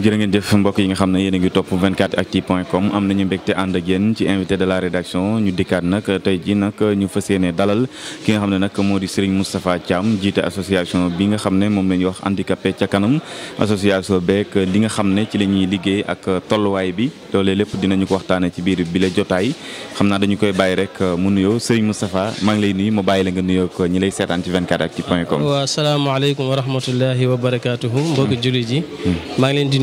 jërë ngeen jëf mbokk yi nga xam ne yéen a ngi topp 24actu point com am nañu mbégte ànd ak yéen ci invité de la rédaction ñu dikkaat nag tey ji nag ñu fas yéene dalal ki nga xam ne nag moo di Serigne Moustapha Thiam jiite association bi nga xam ne moom la ñuy wax handicapé ca kanam association beek li nga xam ne ci la ñuy liggéey ak tolluwaay bi loolee lépp dinañu ko waxtaane ci biir bi la jotaay xam naa dañu koy bàyyi rek mu nuyoo Serigne Moustapha maa ngi lay nuyu la nga nuyoo ko ñi lay seetaan ci 24actu point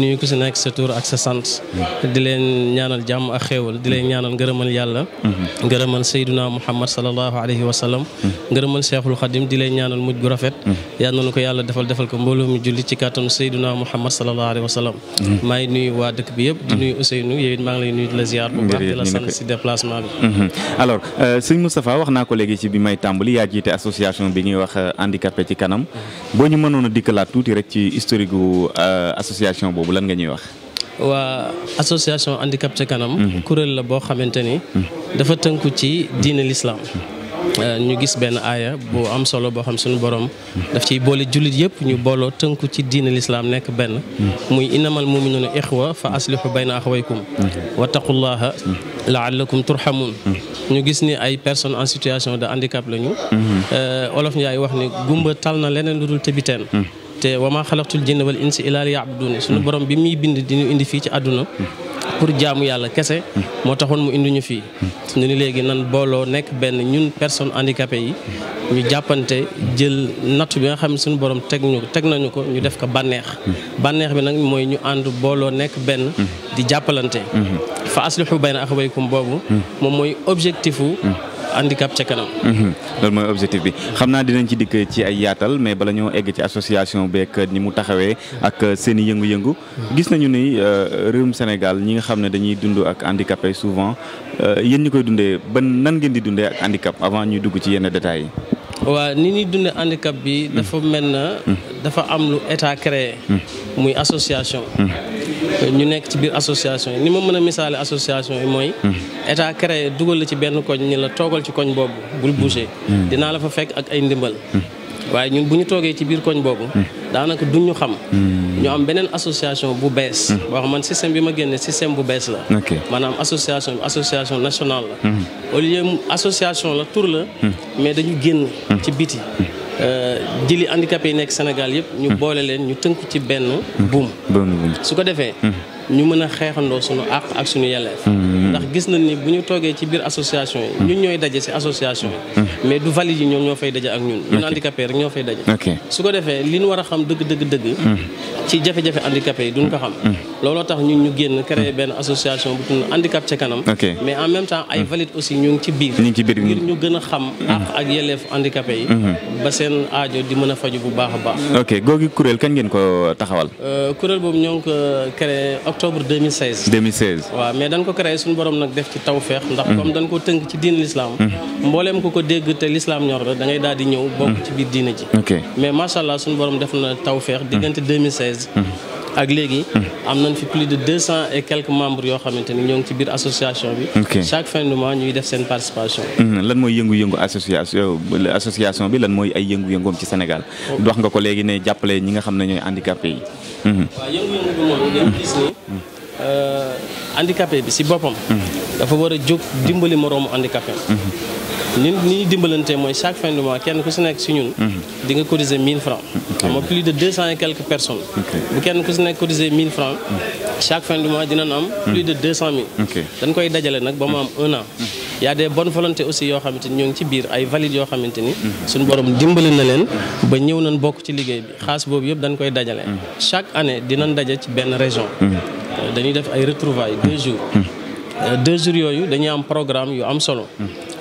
nuyu ku si nekk sa tur ak sa sant. Mm-hmm. di leen ñaanal jàmm ak xéewal di leen ñaanal ngërëmal yàlla. Mm-hmm. ngërëmal Seydina Muhammad sallallahu alayhi wa sallam. Mm-hmm. ngërëmal Cheikhul Khadim di leen ñaanal mujj gu rafet. yal nañu ko yàlla defal defal ko mbooloo mi julli ci kàttanu Seydina Muhammad sallallahu alayhi wa sallam. maa ngi nuyu waa dëkk bi yëpp. di nuyu Ousseynou yow it maa ngi lay nuyu la ziar bu baax di la sant si déplacement bi. alors euh, sëñ Moustapha wax naa ko léegi euh, a lan nga ñuy wax. waa association handicap ca kanam. Mhm. kuréel la boo xamante ni. Mhm. dafa tënku ci diine lislaam euh, ñu gis benn aaya bu am solo boo xam suñu borom mhm. daf ciy boole jullit yëpp ñu booloo tënku ci diine lislaam nekk benn muy inamal muminuuna ixwa fa aslihu bayna axawaykum wattaqullaha laallakum turhamun ñu gis ni ay personnes en situation de handicap lañu. Euh, olof Njaay wax ni gumba tal na leneen lu dul tëbiteen te wa maa xalaqtul jinna wal insa illaa liya'budun suñu hmm. borom bi muy bind di ñu indi fii ci àdduna hmm. pour jaamu yàlla kese hmm. moo taxoon mu indi ñu fii ñu ni léegi nan booloo nekk benn ñun personne handicapé yi ñu jàppante jël nattu bi nga xam suñu borom teg teg nañu ko ñu def ko bànneex bànneex bi nag mooy ñu ànd booloo nekk benn di jàppalante fa aslihu bayna axawaykum boobu moom mooy objectifu handicap ca kanam. Mhm. loolu mooy objectif bi xam naa dinañ ci dikk ci ay yaatal mais bala ñoo egg ci association beeg ni mu taxawee ak seen i yëngu-yëngu. gis nañu ni euh, réewum Sénégal ñi nga xam ne dañuy dund ak handicapé souvent euh, yéen ñu koy dundee ban nan ngeen di dundee ak handicap avant ñuy dugg ci yenn détails yi. waaw ni ñuy dunde handicap bi dafa mel na dafa am lu état créé muy association ñu nekk ci biir association yi ni ma mën a misaale association yi mooy état créé dugal la ci benn koñ ni la toogal ci koñ boobu bul bouger dinaa la fa fekk ak ay ndimbal waaye ñun bu ñu toogee ci biir koñ boobu daanaka du ñu xam. Hmm. ñu am beneen association bu bees. Hmm. boo man système bi ma génnee système bu bees la. maanaam association bi association nationale la. Hmm. au lieu association la tur la. mais dañu génn. ci biti. Euh, jëli handicapé yi nekk Sénégal yëpp. ñu boole leen ñu tënk ci benn buum. su ko defee. ñu mën a xeexandoo sunu àq ak suñu yelleef mm-hmm. ndax gis nañ ni bu ñu toogee ci biir association yi ñun ñooy daje si association yi mm-hmm. mais du valide yi ñoom ñoo fay daje ak ñun ñun handicapé rek ñoo fay daje su ko defee li nu war a xam dëgg dëgg dëgg ci jafe-jafe handicapé yi duñ ko xam mm. looloo tax ñun ñu génn créer benn association bu tudd handicap ca kanam mais en même ay mm. valide aussi ñu ngi ci biir ngir ñu gën a xam mm. ak yelleef handicapé yi mm-hmm. ba seen aajo di mën faju bu baax a baax ok googi kuréel kañ ngeen ko taxawal euh, kuréel boobu ñoo ngi ko créé octobre 2016 2016 waaw mais dañ ko créé suñu borom nag def ci tawfeex ndax comme dañ ko tënk ci diin l'islam mbooleem ko ko dégg te l'islam ñor la da ngay di ñëw bokk ci biir diina ji mais macha allah 2013. ak léegi. am nañ fi plus de deux cent et quelques membres yoo xam xamante ni ñoo ngi ci biir association bi. chaque fin de mois ñuy def seen participation. Hmm, lan mooy yëngu-yëngu association euh, association bi lan mooy ay yëngu-yëngoom ci Sénégal. dox nga ko léegi ne jàppale ñi nga xam ne ñooy handicapé yi. Hmm. waaw yëngu bi euh, handicapé bi si boppam. Hmm. dafa war a jóg dimbali moroomu handicapé. li ni dimbalante mooy chaque fin du kenn ku si nekk si ñun. Mhm. di nga cotiser 1000 francs xam plus de cent et quelques personnes. bu kenn ku si nekk cotiser 1000 francs mhm. chaque fin du mois dinañ am. Mhm. plus de 200000. dañ koy dajale nag ba mu am un an. y a des bonnes volontés aussi yoo xamante ni ñoo ngi ci biir ay valides yoo xamante ni. suñu borom dimbali na leen ba ñëw nañ bokk ci liggéey bi xaas boobu yëpp dañ koy dajale. chaque année dinañ daje ci benn région. Euh, dañuy def ay retrouvailles jours. Euh, deux jours yooyu dañuy am programme yu am solo.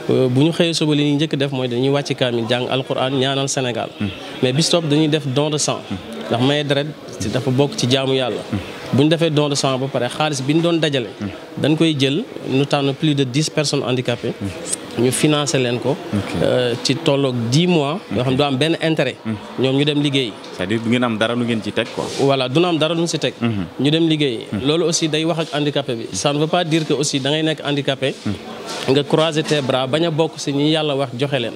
Euh, bu ñu xëyee suba li ñuy njëkk def mooy dañuy wàcc kaamil jàng alquran ñaanal Sénégal hmm. mais bis topp dañuy def don de sang hmm. ndax maye deret dafa bokk ci jaamu yàlla hmm. bu ñu defee don de ba pare xaalis bi ñu doon dajale dañ koy jël nu tànn plus de dix personnes handicapées ñu financé leen ko. Euh, ci tolloog dix mois. yoo xam du am benn intérêt. Hmm. ñoom ñu dem liggéey. c'est-à-dire du ngeen am dara lu ngeen ci teg ko voilà du na am dara lu ñu si teg. Hmm. ñu dem liggéey. Hmm. loolu aussi day wax ak handicapé bi. ça ne veut pas dire que aussi da ngay nekk handicapé. nga croiser tes bras bokk si ñi yàlla wax joxe leen.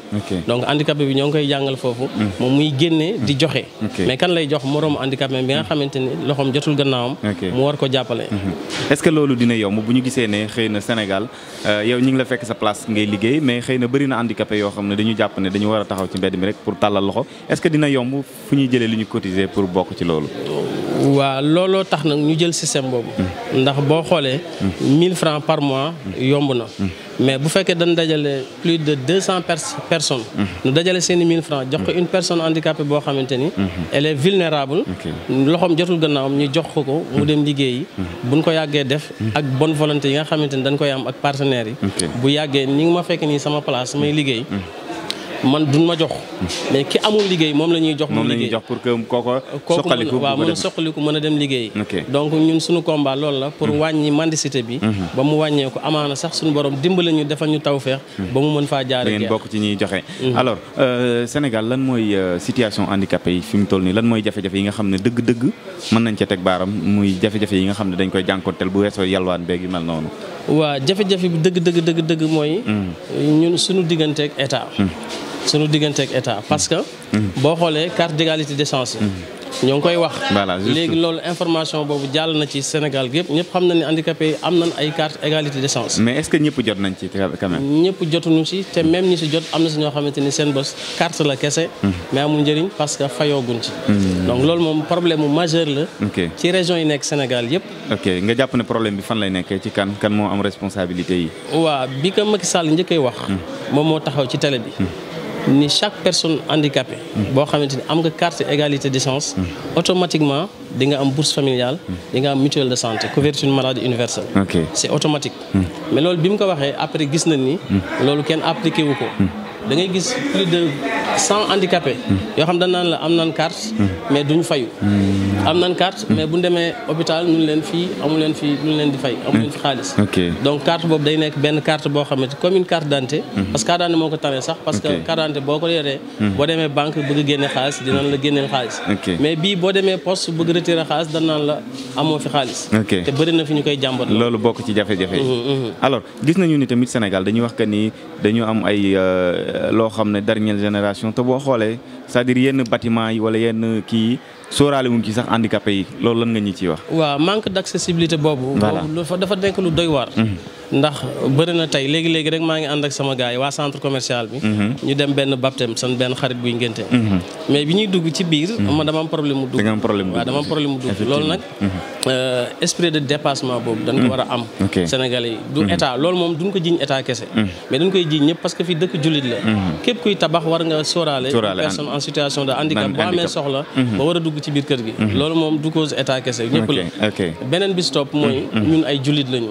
donc handicapé bi ñoo ngi koy jàngal foofu. moom muy génne di joxe. mais kan lay jox moroomu handicapé bi nga xamante ni loxoom jotul gannaawam. war ko jàppale. est-ce que loolu dina yomb bu ñu gisee ne xëy na Sénégal euh, ñu ngi la fekk sa place ngay liggéey liggéey mais xëy na bëri na handicapé yoo xam ne dañu jàpp ne dañu war a taxaw ci mbedd mi rek pour tàllal loxo est-ce que dina yomb fu ñuy jëlee li ñu cotiser pour bokk ci loolu. waaw looloo tax nag ñu jël sistème boobu. Hmm. ndax boo xoolee. 1000 hmm. francs par mois hmm. yomb na. mais bu fekkee dañ dajale plus de deux cent personnes. Mhm. ñu dajale seeni mille francs jox ko mhm. une personne handicapée boo xamante ni. Mhm. elle est loxoom jotul gannaawam ñu jox ko ko. mu dem liggéeyi. buñ ko yàggee def. ak bonne volonté yi nga xamante ni dañ koy am ak partenaires yi. bu yàggee ni nga ma fekk nii sama place may liggéey. man duñ ma jox mais ki amul liggéey moom la ñuy jox moom la ñuy jox pour que kooko soqaliku waaw mën a soqaliku mën a dem liggéey donc ñun suñu combat lool la pour mhm. wàññi mendicité bi mhm. ba mu wàññeeku amaana sax suñu borom dimbale ñu defal ñu tawfeex mhm. ba mu mën faa jaar ngeen bokk ci ñuy joxe alors euh, Sénégal lan mooy euh, situation handicapé yi fi mu toll nii lan mooy jafe-jafe yi nga xam ne dëgg-dëgg mën nañ ca teg baaram muy jafe yi nga xam ne dañ koy jànkonteel bu weesoo yalwaan beeg yu mel noonu waaw jafe-jafe bi dëgg dëgg dëgg dëgg mooy ñun suñu digganteeg état suñu diggante ak état parce que. boo xoolee carte d'égalité des chances yi. ñoo ngi koy wax. léegi loolu information boobu jàll na ci Sénégal gépp ñëpp xam na ne handicapé yi am nañ ay carte égalité des chances. mais est que ñëpp jot nañ ci quand même. ñëpp jotuñu ci te même ni si jot am na si ñoo xamante ni seen bos carte la kese. Hmm. mais amul njëriñ parce que fayooguñ ci. Hmm. donc loolu moom problème mu majeur la. ci région yi nekk Sénégal yëpp. nga jàpp ne problème bi fan lay nekkee ci kan kan moo am responsabilité yi. waaw bi ko Macky Sall njëkkee wax. Hmm. moom moo taxaw ci télé bi. ni chaque personne handicapée. boo xamante ni am nga carte égalité des chances. Hmm. automatiquement di nga am bourse familiale. Hmm. di nga am mutuel de santé couverture maladie universelle. ok c'est automatique. Hmm. mais loolu bi mu ko waxee après gis nañ ni. loolu kenn appliqué wu ko. dangay gis plus de cent handicapés. yoo xam dañ naan la am naan carte. mais du ñu fayu. am nañ carte mais bu ñu demee hôpital ñu leen fii amu leen fi ñu leen di fay amu leen fi xaalis donc carte boobu day nekk benn carte boo xam comme commune carte d'identité mhm. parce que carte d'identité moo ko tane sax parce que carte d'identité ko yoree mhm. boo demee banque bëgg génne xaalis dinañ la génneel xaalis mais bii boo demee poste bëgg retirer xaalis dañ naan la amoo fi xaalis te bëri na fi ñu koy jàmbat loolu bokk ci jafe-jafe yi mhm, alors gis nañu ni tamit Sénégal dañu wax que nii dañu am ay euh, loo xam ne dernière génération te boo xoolee cest à yenn bâtiment yi wala yenn kii sóoraale wuñ ci sax handicapé yi loolu lan nga ñu ciy wax. waaw manque d'accessibilité boobu. fa dafa nekk lu doy waar. Mhm. ndax bëri na tey léegi léegi rek maa ngi ànd ak sama gars yi waa centre commercial bi. Mhm. ñu dem benn baptême san benn xarit buy ngénte. Mhm. mais bi ñuy dugg ci biir. Mhm. ma dama am problème mu dugg. da nga am problème loolu nag. Euh, esprit de dépassement boobu. dañ ko war a am. Sénégalais yi du état loolu moom du ko jiñ état kese. mais dañ koy jiñ ñëpp parce que fii dëkk jullit la. képp kuy tabax war nga sóoraale. personne en situation de handicap boo amee soxla. ba war a dugg ci biir kër gi. loolu moom du cause état kese ñëpp la. mooy ñun ay jullit lañu.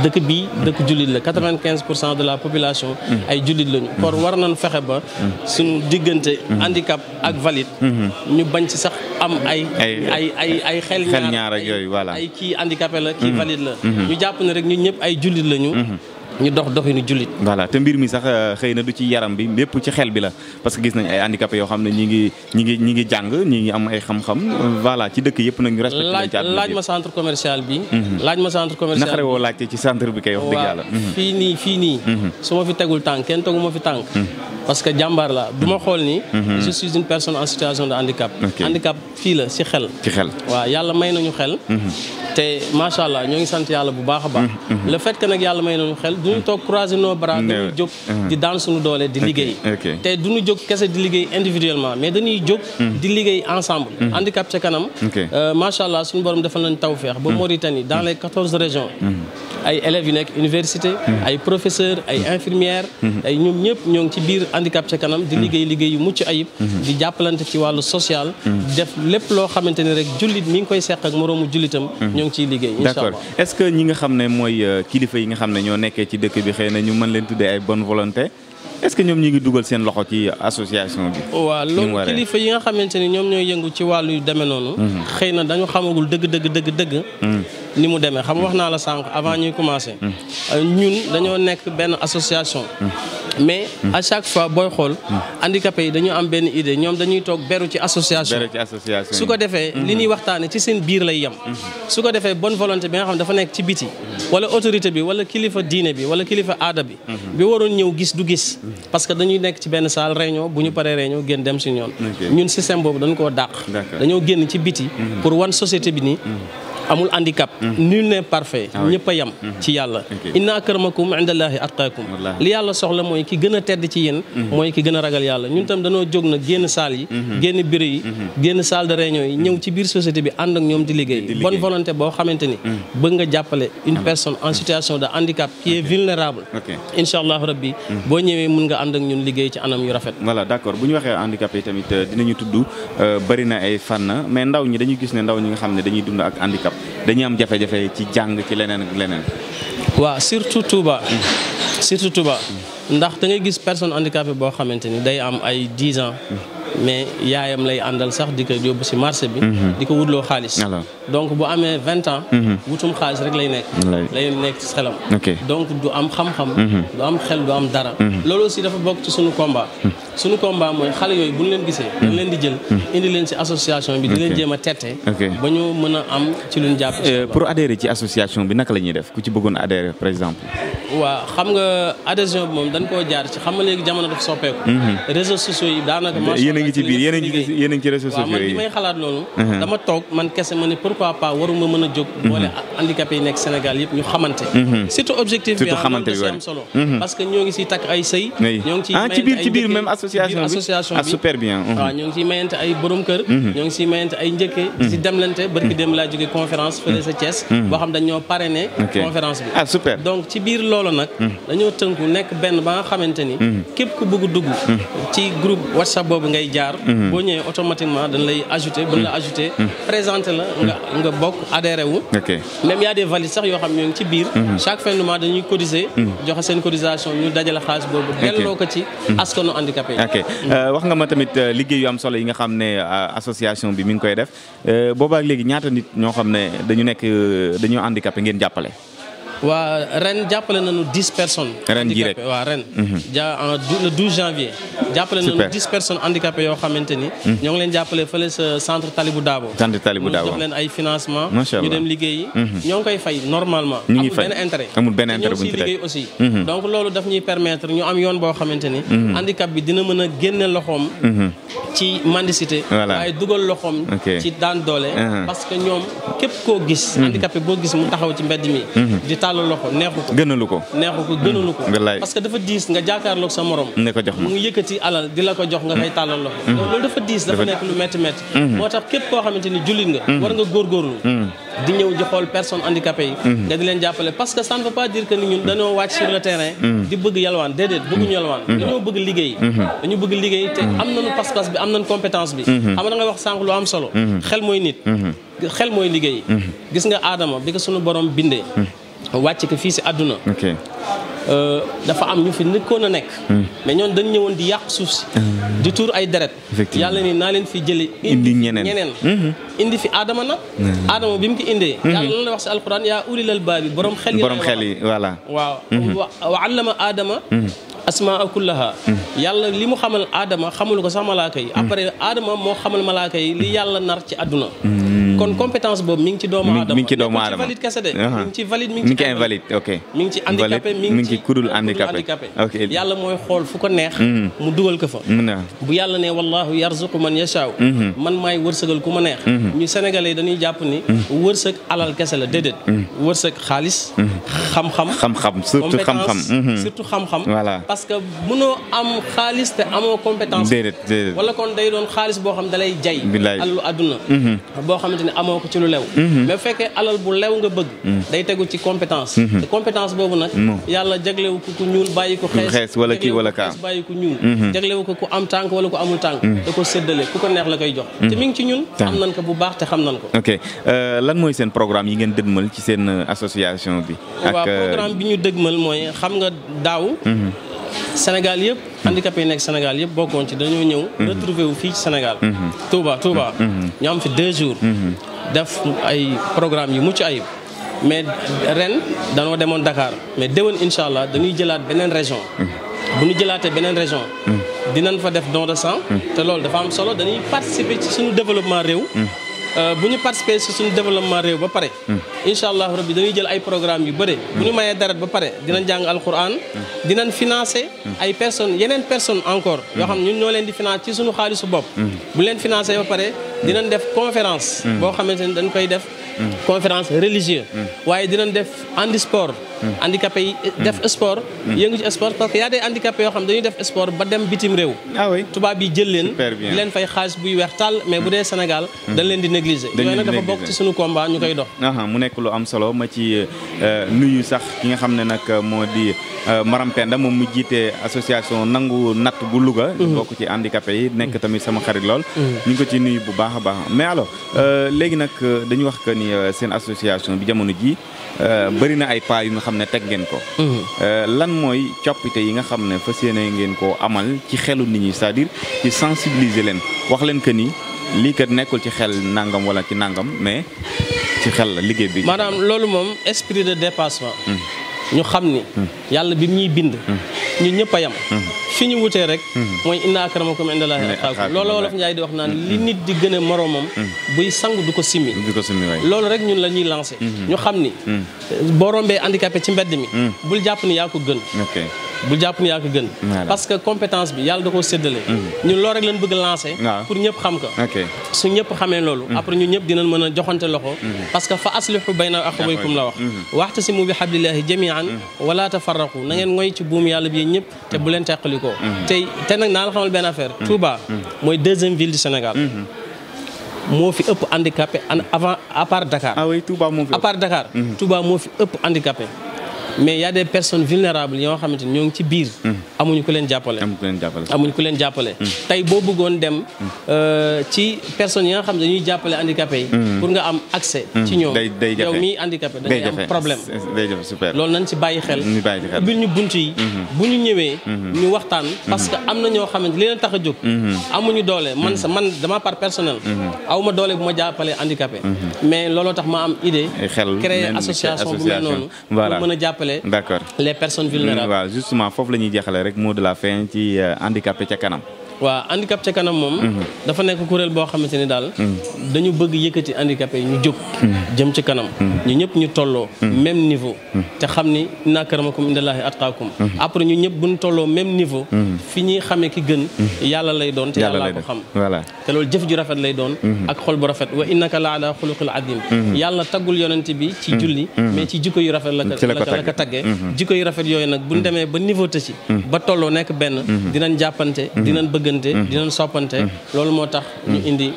dëkk bi dëkk jullit la quatre-vingt-quinze pour cent de la population mm. ay jullit lañu mm. kon war nañ fexe ba mm. suñu diggante handicap ak valide mm-hmm. ñu bañ ci sax am ay ay ay ay xel ñaar yooyu voilà ay kii handicapé la kii mm-hmm. valide la mm-hmm. ñu jàpp ne rek ñun ñëpp ay jullit lañu ñu dox doxinu jullit. voilà te mbir mi sax euh, xëy na du ci yaram bi lépp ci xel bi la parce que gis nañ ay handicapés yoo xam ne ñi ngi jàng ñi ngi am ay xam-xam. voilà ci dëkk yëpp nag ñu respecté. laaj ma centre commercial bi. Mhm. laaj ma centre commercial la woo laajte ci centre bi kay wax dëgg yàlla. Mhm. fii nii fii nii. Mhm. su ma fi tegul tànk kenn tegu ma fi tànk. parce que jàmbaar la du xool ni. je une personne en situation de handicap. handicap fii la si xel. ci xel waaw yàlla may a duñu toog croiser nos bras dañuy jóg uh-huh. di daan suñu doolee di liggéey te du duñu jóg kese di liggéey individuellement mais dañuy jóg hmm. di liggéey ensemble hmm. handicap ca kanam euh, macha allah suñu borom defal nañ tawfeex ba hmm. Mauritanie dans les quatorze régions ay élèves yu nekk université hmm. ay professeurs ay hmm. infirmières hmm. ay ñoom ñëpp ñoo ngi ci biir handicap ca kanam di liggéey liggéey yu mucc ayib di jàppalante ci wàllu social def lépp loo xamante ni rek jullit mi ngi koy seq ak moroomu jullitam ñoo ngi ciy liggéey incha allah est-ce que ñi nga xam ne mooy euh, kilifa yi nga xam ne ñoo nekkee ci dëkk bi xëy na ñu mën leen tuddee ay bonne volonté est-ce que ñoom ñu ngi dugal seen loxo ci association bi. waa loolu kilifa yi nga xamante ni ñoom ñooy yëngu ci wàllu deme demee noonu. Mhm. xëy na dañu xamagul dëgg dëgg dëgg dëgg. Mhm. ni mu demee xam wax naa la sànq avant ñuy commencer. Mhm. Euh, ñun dañoo nekk benn association. mais à chaque fois booy xool indi handicapé yi dañu am benn idée ñoom dañuy toog beru ci association su ko defee mhm. li ñuy waxtaane ci seen biir lay yem mhm. su ko defee bon volonté bi nga xam ne dafa nekk ci biti wala autorité bi wala kilifa diine bi wala kilifa aada bi mhm. bi waroon ñëw gis du gis parce que dañuy nekk ci benn salle réunion bu ñu paree réunion génn dem si ñoon ñun système boobu dañ koo dàq dañoo génn ci biti pour wan société bi nii amul handicap mm. nul n'est parfait ah ñëpp a yem mm-hmm. ci yàlla inna akramakum indallaahi atqaakum li yàlla soxla mooy ki gën a tedd ci yéen mm-hmm. mooy ki gën a ragal yàlla ñun tam dañoo jóg na génn salle yi mm-hmm. génn bureau yi génn salle de réunion yi ñëw ci biir société bi ànd ak ñoom di liggéey bonne volonté boo xamante ni mm. bëgg nga jàppale une personne en mm. situation de handicap qui est vulnérable incha allahu rabbi boo ñëwee mun nga ànd ak ñun liggéey ci anam yu rafet voilà d'accord bu ñu waxee handicap yi tamit euh, tudd euh, bari na ay fànn mais ndaw ñi dañuy gis ne ndaw ñi nga xam ne dañuy dund ak handicap dañuy am jafe-jafe ci jàng ci leneen leneen. waaw surtout Touba. surtout Touba. ndax da gis personne handicapée boo xamante ni day am ay dix ans. mais yaayam lay àndal sax di ko yóbbu si marché bi. Mhm. di ko wutloo xaalis. donc bu amee vingt ans. Mhm. wutum xaalis rek lay nekk. lay nekk ci xelam. donc du am xam-xam. Mhm. du am xel du am dara. Mhm. loolu aussi dafa bokk ci suñu combat. suñu combat mooy xale yooyu bu ñu leen gisee. dañ leen di jël indi leen ci association bi. di leen jéem a tette. ba ñu mën a am ci luñ jàpp. Euh, pour adhérer ci association bi naka la ñuy def ku ci bëggoon adhérer par exemple. waaw xam nga adhésion bi moom dañ koo jaar ci xam nga léegi jamono dafa soppeeku. réseaux sociaux yi daanaka. yéen a ngi ci biir yéen a ngi ci réseaux sociaux yi waaw man pourquoi pas waruma mën a jóg. Mhm. boole handicapé yi nekk Sénégal yëpp ñu xamante. Mhm. surtout objectif bi xamante bi am solo. Mhm. parce que ñoo ngi siy takk ay sëy. ñoo ngi ah, ciy mayante ci biir ci biir même association ah, bi super bien. waaw ñoo ngi siy mayante ay borom kër. ñoo ngi siy mayante ay njëkke. di si demlante barki dem laa jógee conférence fële sa Thiès. boo xam dañ ñoo parrainé. conférence bi ah super donc ci biir loolu nag. dañoo tënku nekk benn ba nga xamante ni. képp ku bëgg dugg. ci groupe WhatsApp boobu ngay jaar. boo ñëwee automatiquement dañ lay ajouté. buñ la ajouté présenté la nga nga bokk adhéré wu. même y a des valides sax yoo xam ñoo ngi ci biir. Mhm. chaque fin du mois dañuy cotiser. Mhm. joxe seen cotisation ñu dajale xaalis boobu. delloo ko ci mhm. askanu handicapé yi. ok euh, wax nga ma tamit euh, liggéey yu am solo yi nga xam ne euh, association bi mi ngi koy def boobaak léegi ñaata nit ñoo xam ne dañu nekk dañoo handicapé ngeen jàppale. waa ren jàppale nañu dix personnes. ren jii rek waaw ren. Mhm. ja en le douze janvier. jàppale nañu dix personnes handicapées yoo xamante ni. Mhm. ñoo ngi leen jàppale fële sa centre Talibou Dabo. centre Talibou Dabo ñu jox leen ay financement ñu dem liggéeyi. Mhm. ñoo ngi koy fay normalement. ñu ngi fay amul benn intérêt. amul benn intérêt bu ñu fi liggéey aussi. permettre ñu am yoon boo xamante ni. handicap bi dina mën a génne loxoom. ci mendicité. voilà waaye dugal loxoom. ci daan doole. parce que ñoom képp koo gis. handicapé boo gis mu taxaw ci mbedd mi. tàllal loxo neexu ko gënalu ko neexu ko gënalu ko parce dafa diis nga jaakaarloog sa morom ne ko jox alal di la ko jox nga koy mm. tàllal loxo mm. loolu dafa diis dafa nekk lu métti métti mm-hmm. moo tax képp koo xamante ni jullit nga mm. war nga góorgóorlu di ñëw di personne handicapé yi mm-hmm. nga di leen jàppale parce que ça ne veut ni ñun dañoo wàcc sur terrain di bëgg yalwaan déedéet bëgguñu yalwaan mm-hmm. dañoo bëgg liggéey dañu bëgg liggéey te am nañu pas-pas bi bi wàcc ko fii si àdduna euh, dafa am ñu fi nekkoon a nekk hmm. mais ñoon dañ ñëwoon di yàq suuf si hmm. di tuur ay deret yàlla ni naa leen fii jële indi ñeneen hmm. indi fi aadama na aadama bi mu ko indee yàlla lan la wax si alquran yaa ulil albaabi borom xel yi borom xel yi voilà waaw wa allama aadama asmaa kullaha yàlla li mu xamal aadama xamul ko sax malaaka yi après aadama moo xamal malaaka yi li yàlla nar ci àdduna kon compétence boobu mi ngi ci doomu aadama mi ngi ci doomu aadama mi ngi ci valide kese de. Uh-huh. mi ngi ci valide mi ngi ci invalide ok. mi ngi ci handicapé mi ngi ci kudul yàlla mooy xool fu ko neex. Mm-hmm. mu dugal ko fa. Mm-hmm. bu yàlla ne wallahu yarzuqu man yashaaw. Mm-hmm. man maay wërsëgal ku ma neex. ñu sénégalais dañuy jàpp ni. wërsëg alal kese la déedéet. wërsëg xaalis. xam-xam xam-xam surtout xam-xam. surtout xam parce que mënoo am xaalis te amoo compétence. déedéet déedéet wala kon day doon xaalis boo xam dalay jay. allu àdduna amoo ko ci lu lew mhm. mais bu fekkee alal bu lew nga bëgg mhm. day tegu ci compétence mhm. te compétence boobu nag yàlla jaglewu ko ku ñuul bàyyi ko xees wala kii wala kaa bàyyi ko ñuul jaglewu ko ku am tànk wala ku amul tànk da ko séddale ku ko neex la koy jox te mi ngi ci ñun am nañ ko bu baax te xam nañ ko ok euh, lan mooy seen programme yi ngeen dëgmal ci seen euh, association bi ak euh, programme bi ñu dëgmal mooy xam nga daaw Sénégal yëpp handicapé yi nekk Sénégal yëpp bokkoon ci dañoo ñëw mhm. retrouvé wu fii ci Sénégal mhm. Touba Touba mhm. ñu am fi deux jours def ay programme yu mucc ayib mais ren danoo demoon Dakar mais déwén incha allah dañuy jëlaat beneen région bu ñu jëlaatee beneen région dinañ fa def don de sang te loolu dafa am solo dañuy participer ci suñu développement réew Euh, bu ñu participer si suñu développement réew ba pare hmm. incha allahu rabbi dañuy jël ay programme yu bëri hmm. bu ñu mayee deret ba pare dinañ jàng al alquran hmm. dinañ financer ay personnes yeneen personnes encore yoo xam ñun ñoo leen di finance ci suñu xaalisu bopp bu leen financer ba pare dinañ def conférence boo xamante ni dañ koy def conférence religieuse waaye dinañ def handisport handicapé yi def sport mm. yëngu ci sport parce que y a des handicapés yoo xam dañuy def sport ba dem bitim réew ah tubaab yi jël leen di leen fay xaalis buy weex tàll mais bu dee Sénégal mm. dañ leen di négliger yooyu nag dafa bokk ci suñu combat ñu koy dox mu nekk lu am solo ma ci euh, nuyu sax ki nga xam ne nag euh, moo di euh, Maram Penda moom mu jiite association nangu natt bu Louga mm-hmm. bokk ci handicapé yi nekk tamit sama xarit lool mm-hmm. ñu ngi ko ci nuyu bu baax a baax mais alors léegi nag dañu wax que ni seen association bi jamono ji xam teg ngeen ko. Mhm. Euh, lan mooy coppite yi nga xam ne fas yéene ngeen koo amal ci xelu nit ñi c'est-à-dire ci sensibiliser leen wax leen que ni lii kat nekkul ci xel nangam wala ci nangam mais ci xel la liggéey bi. maanaam loolu moom esprit de dépassement. Mhm. ñu xam ni hmm. yàlla bi ñuy bind hmm. ñu ñëpp a yam hmm. fi ñu wutee rek mooy inna akramakum indallaahi atqaakum loolu wolof njaay di wax naan li nit di gën a moroomam buy sangu du ko simmi loolu rek ñun la ñuy lancé ñu xam ni boo rombee handicapé ci mbedd mi bul jàpp ni yaa ko gën bu jàpp ni yaa ko gën parce que compétence bi yàlla da koo séddale mhm. ñun loolu rek lañ bëgg lancer pour ñëpp xam ko su ñëpp xamee loolu mhm. après ñu ñëpp dinañ mën a joxante loxo mhm. parce que fa aslihu bayna axawaykum la wax waxtasimu bi hablillahi jamian wala tafarraqu na ngeen ngoy ci buum yàlla bi ñëpp te bu leen teqalikoo ko te nag naa la xamal benn affaire Touba mooy deuxième ville du Sénégal moo fi ëpp handicapé avant à part Dakar ah oui Touba moo fi à moo fi ëpp handicapé mais y a des personnes vulnérables yoo xamante ni ñoo ngi ci biir. Mm. amuñu ku leen jàppale. amuñu leen jàppale amuñu mm. tey boo bëggoon dem. Mm. Euh, ci personnes yi nga xam ne dañuy jàppale handicapé yi. pour nga am accès. ci ñoom yow miy handicapé da ngay am problème. day jafe super loolu nañ ci bàyyi xel. ñu bàyyi xel ubbil ñu bunt yi. Mm-hmm. Mm-hmm. waxtaan parce que mm-hmm. am na ñoo xamante li leen tax a jóg. amuñu doole man sa man dama par personnel. aw ma doole bu ma jàppalee handicapé. mais looloo tax ma am idée. xel créer association bu mel noonu. pour mën a jàppale jàppale. d' accord les personnes mm, vulnérables. waaw justement foofu la ñuy jeexale rek mot de la fin ci euh, handicapé ca kanam. waaw handicap ca kanam moom. Mhm. dafa nekk kuréel boo xamante ni daal. Mhm. dañu bëgg yëkkati handicapé yi ñu jóg. Mhm. jëm ci kanam. ñu ñëpp ñu tolloo. même niveau. te xam ni inna akramakum indallaahi atqaakum. après ñu ñëpp bu ñu tolloo même niveau. fi ñuy xamee ki gën. yàlla lay doon te yàlla ko xam. te loolu jëf ju rafet lay doon. ak xol bu rafet wa innaka la ala xuluqil adim. yàlla taggul yonent bi ci julli. mais ci jikko yu rafet la ko la ko taggee. jikko yu rafet yooyu nag bu ñu ba niveau te bëggante mm-hmm. dinañ soppante mm-hmm. loolu moo tax ñu mm-hmm. indi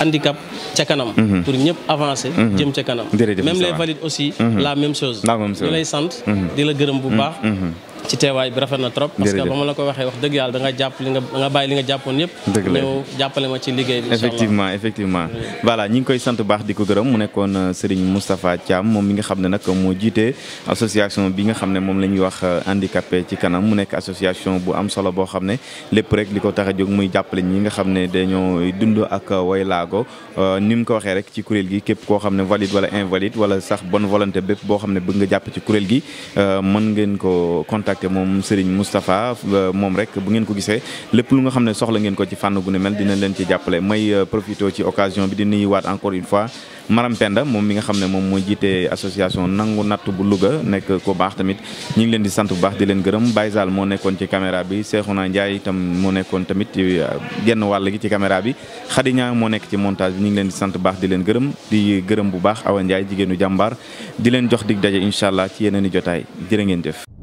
handicap ca kanam pour ñëpp avancer jëm ca kanam même les valides aussi la même chose ñu lay sant di la gërëm bu baax ci teewaay bi rafet na trop parce que ba ma la ko waxee wax dëgg yàlla da nga jàpp li nga da nga bàyyi li nga jàppoon yëpp ñëw ma ci liggéey bi effectivement effectivement voilà ngi koy sant baax di ko gërëm mu nekkoon euh, Serigne Moustapha Thiam moom mi nga xam ne nag moo jiitee association bi nga xam ne moom la ñuy wax euh, handicapé ci kanam mu nekk association bu am solo boo xam ne lépp rek li ko tax a jóg muy jàppale ñi nga xam ne dañoo dund ak way laago euh, ni mu ko waxee rek ci kuréel gi képp koo xam ne valide wala invalide wala sax bonne volonté bépp boo xam ne bëgg nga jàpp ci kuréel gi mën contacter moom Serigne Moustapha euh, moom rek bu ngeen ko gisee lépp lu nga xam ne soxla ngeen ko ci fànn gu ne mel dinañ leen ci jàppale may euh, profité ci occasion bi di nuyuwaat encore une fois Maram Penda moom mi nga xam ne moom moo jiite association nangu natt bu luga nekk ko baax tamit ñu ngi leen di sant bu baax di leen gërëm Baye moo nekkoon ci caméra bi Cheikhouna Ndiaye itam moo nekkoon tamit ci euh, genn wàll gi ci caméra bi Khady Niang moo nekk ci montage bi ñu ngi leen di sant baax di leen gërëm di gërëm bu baax Awa njaay jigéenu jàmbaar di leen jox dig daje incha allah ci yeneen i jotaay jërë ngeen jëf